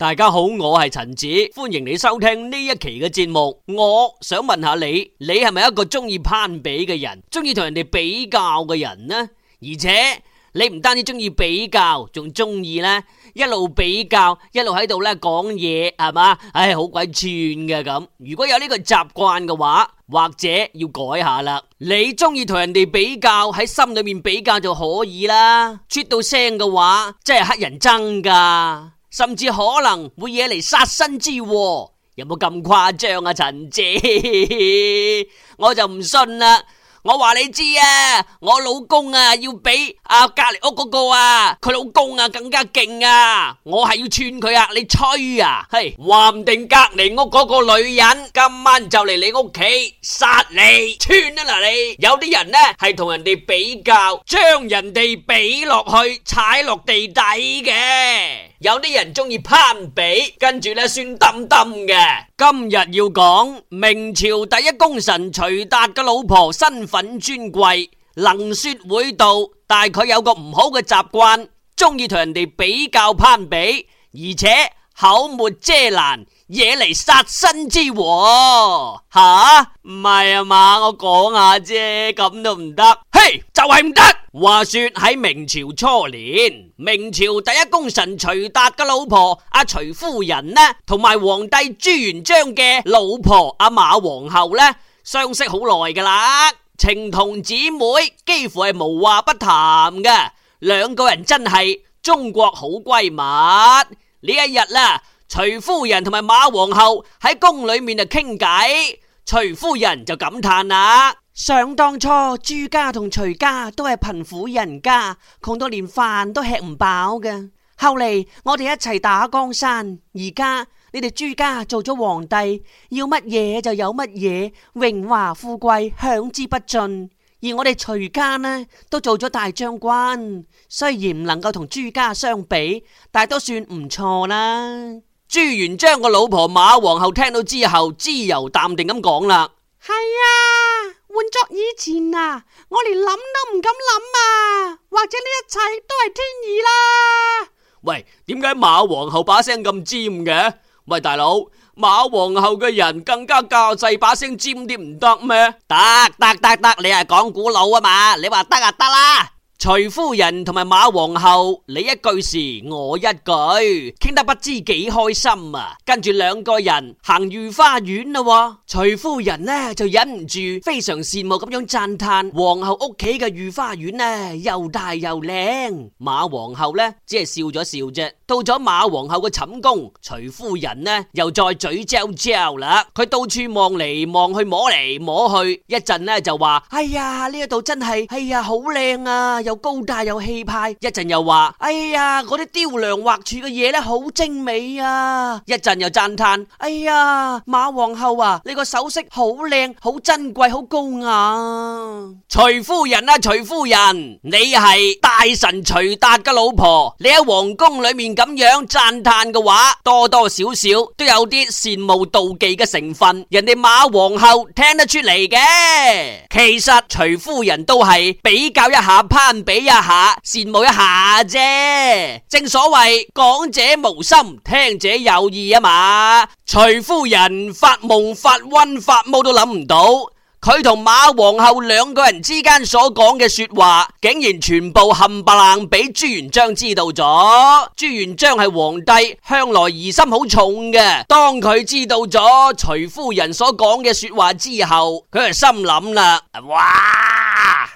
大家好，我係陳子，歡迎你收聽呢一期嘅節目。我想問下你，你係咪一個中意攀比嘅人，中意同人哋比較嘅人呢？而且你唔單止中意比較，仲中意呢一路比較，一路喺度呢講嘢，係嘛？唉、哎，好鬼串嘅咁。如果有呢個習慣嘅話，或者要改下啦。你中意同人哋比較喺心裏面比較就可以啦，出到聲嘅話真係乞人憎噶。甚至可能會惹嚟殺身之禍，有冇咁誇張啊？陳姐， 我就唔信啦。我話你知啊，我老公啊要比啊隔籬屋嗰個啊佢老公啊更加勁啊。我係要串佢啊，你吹啊，嘿，話唔定隔籬屋嗰個女人今晚就嚟你屋企殺你串啦。嗱，你有啲人呢係同人哋比較，將人哋比落去踩落地底嘅。有啲人中意攀比，跟住咧酸氹氹嘅。噔噔今日要講明朝第一功臣徐達嘅老婆，身份尊貴，能說會道，但佢有個唔好嘅習慣，中意同人哋比較攀比，而且口沒遮攔，惹嚟殺身之禍。吓，唔係啊嘛，我講下啫，咁都唔得，嘿、hey，就係唔得。話說喺明朝初年，明朝第一功臣徐達嘅老婆阿徐夫人呢，同埋皇帝朱元璋嘅老婆阿馬皇后呢，相識好耐㗎啦，情同姊妹，幾乎係無話不談嘅，兩個人真係中國好閨蜜。呢一日啦，徐夫人同埋馬皇后喺宮裏面就傾偈，徐夫人就感嘆啦。想當初，朱家同徐家都係貧苦人家，窮到連飯都吃唔飽嘅。後嚟我哋一齊打江山，而家你哋朱家做咗皇帝，要乜嘢就有乜嘢，榮華富貴享之不盡；而我哋徐家呢，都做咗大將軍，雖然唔能夠同朱家相比，但都算唔錯啦。朱元璋個老婆馬皇后聽到之後，自由淡定咁講啦，係啊。換作以前啊，我連諗都唔敢諗啊！或者呢一切都係天意啦。喂，點解馬皇后把聲咁尖嘅？喂，大佬，馬皇后嘅人更加教制把聲尖啲唔得咩？得得得得，你係講古佬啊嘛？你話得啊，得啦，啊。徐夫人同埋馬皇后，你一句時，我一句，傾得不知幾開心啊！跟住兩個人行御花園啦、哦，徐夫人呢就忍唔住，非常羨慕咁樣讚嘆：皇后屋企嘅御花園咧，又大又靚。馬皇后呢，只係笑咗笑啫。到咗馬皇后嘅寢宮，徐夫人呢又再嘴嚼嚼啦。佢到處望嚟望去，摸嚟摸去，一陣呢就話：哎，哎呀呢度真係，哎呀好靚啊，又高大又氣派。一陣又話：哎呀嗰啲雕梁畫柱嘅嘢咧好精美啊。一陣又讚嘆：哎呀馬皇后啊，你個首飾好靚，好珍貴，好高雅。徐夫人啊，徐夫人，你係大神徐達嘅老婆，你喺皇宮裏面。咁樣讚嘆嘅話，多多少少都有啲羨慕妒忌嘅成分，人哋馬皇后聽得出嚟嘅。其實徐夫人都係比較一下，攀比一下，羨慕一下啫。正所謂講者無心，聽者有意啊嘛。徐夫人發夢、發瘟、發毛都諗唔到。佢同馬皇后兩個人之間所講嘅說話，竟然全部冚唪唥俾朱元璋知道咗。朱元璋係皇帝，向來疑心好重嘅。當佢知道咗徐夫人所講嘅說話之後，佢係心諗啦：哇！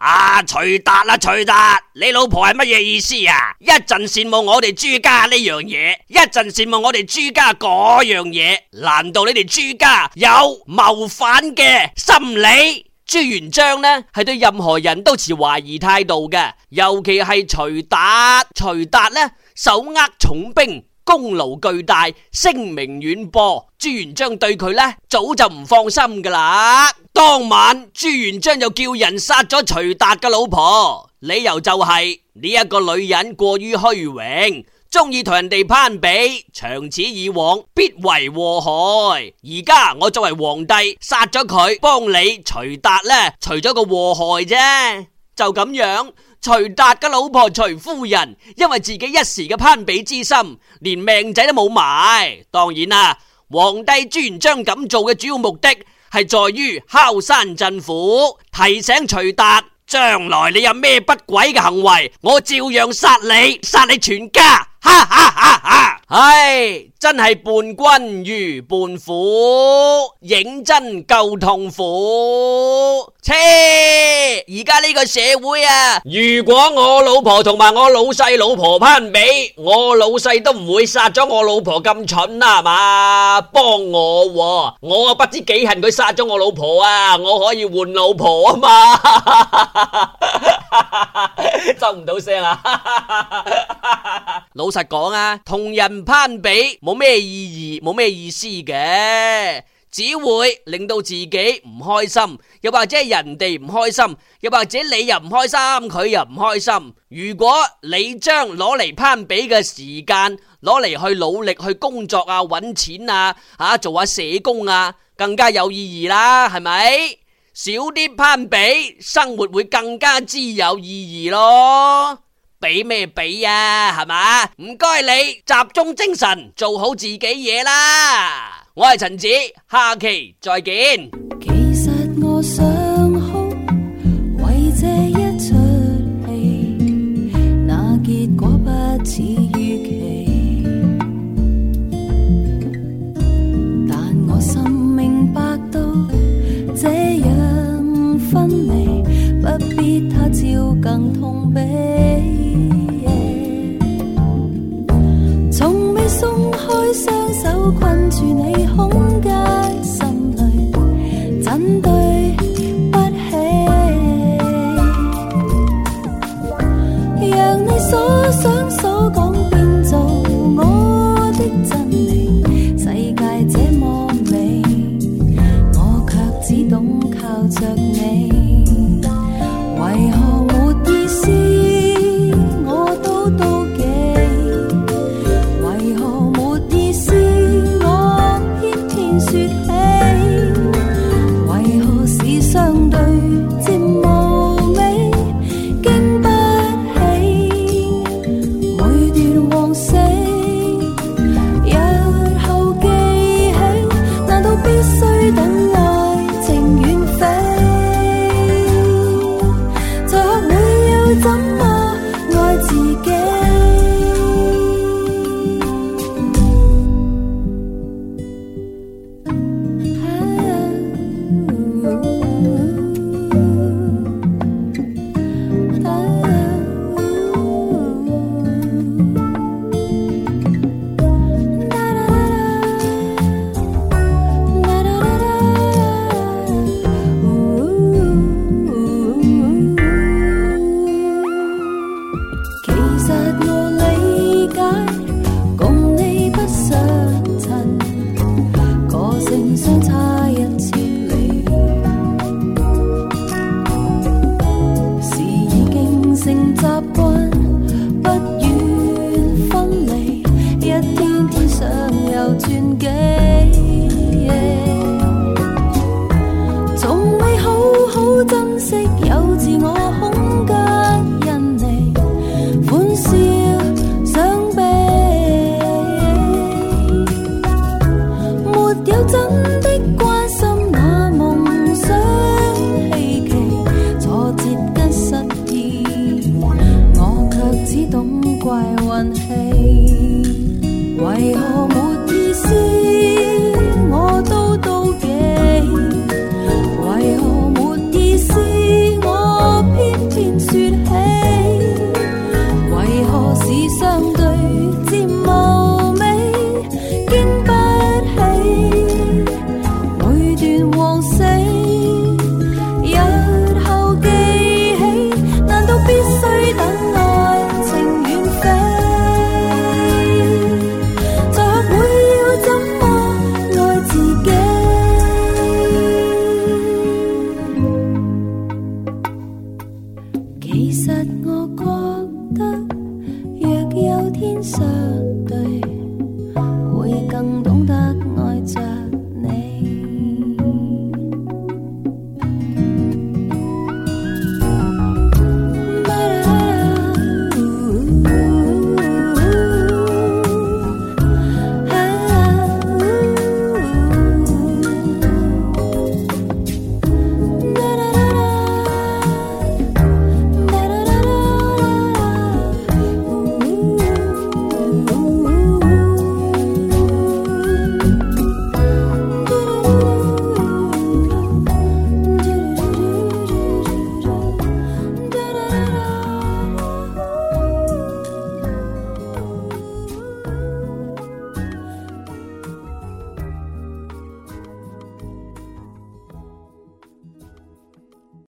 啊徐達啦！徐達，你老婆係乜嘢意思啊？一陣羨慕我哋朱家呢樣嘢，一陣羨慕我哋朱家嗰樣嘢。難道你哋朱家有謀反嘅心理？你朱元璋呢，係對任何人都持懷疑態度嘅，尤其係徐達。徐達呢，手握重兵，功勞巨大，聲名遠播。朱元璋對佢呢，早就唔放心噶啦。當晚朱元璋又叫人殺咗徐達嘅老婆，理由就係呢一個女人過於虛榮。中意同人哋攀比，長此以往必為禍害。而家我作為皇帝，殺咗佢，幫你徐達呢，除咗個禍害啫。就咁樣，徐達嘅老婆徐夫人，因為自己一時嘅攀比之心，連命仔都冇埋。當然啦、啊，皇帝朱元璋咁做嘅主要目的係在於敲山震虎，提醒徐達將來你有咩不軌嘅行為，我照樣殺你，殺你全家。哈哈哈！唉，真係伴君如伴虎，認真夠痛苦。切，而家呢個社會啊，如果我老婆同埋我老細老婆攀比，我老細都唔會殺咗我老婆咁蠢啊，係嘛？幫我，我啊，我不知幾恨佢殺咗我老婆啊！我可以換老婆啊嘛！震 唔 到聲啊！ 老實講啊，同人攀比冇咩意義，冇咩意思嘅，只會令到自己唔開心，又或者人哋唔開心，又或者你又唔開心，佢又唔開心。如果你將攞嚟攀比嘅時間，攞嚟去努力去工作啊，搵錢啊，吓做下社工啊，更加有意義啦，係咪？少啲攀比，生活會更加之有意義咯。比咩比啊，係嘛？唔該你集中精神，做好自己嘢啦。我係陳子，下期再見。其實我想哭，為這一出戲，那結果不似預期。但我心明白到這樣分離，不必他朝更痛悲。為何我？其實我覺得，若有天上。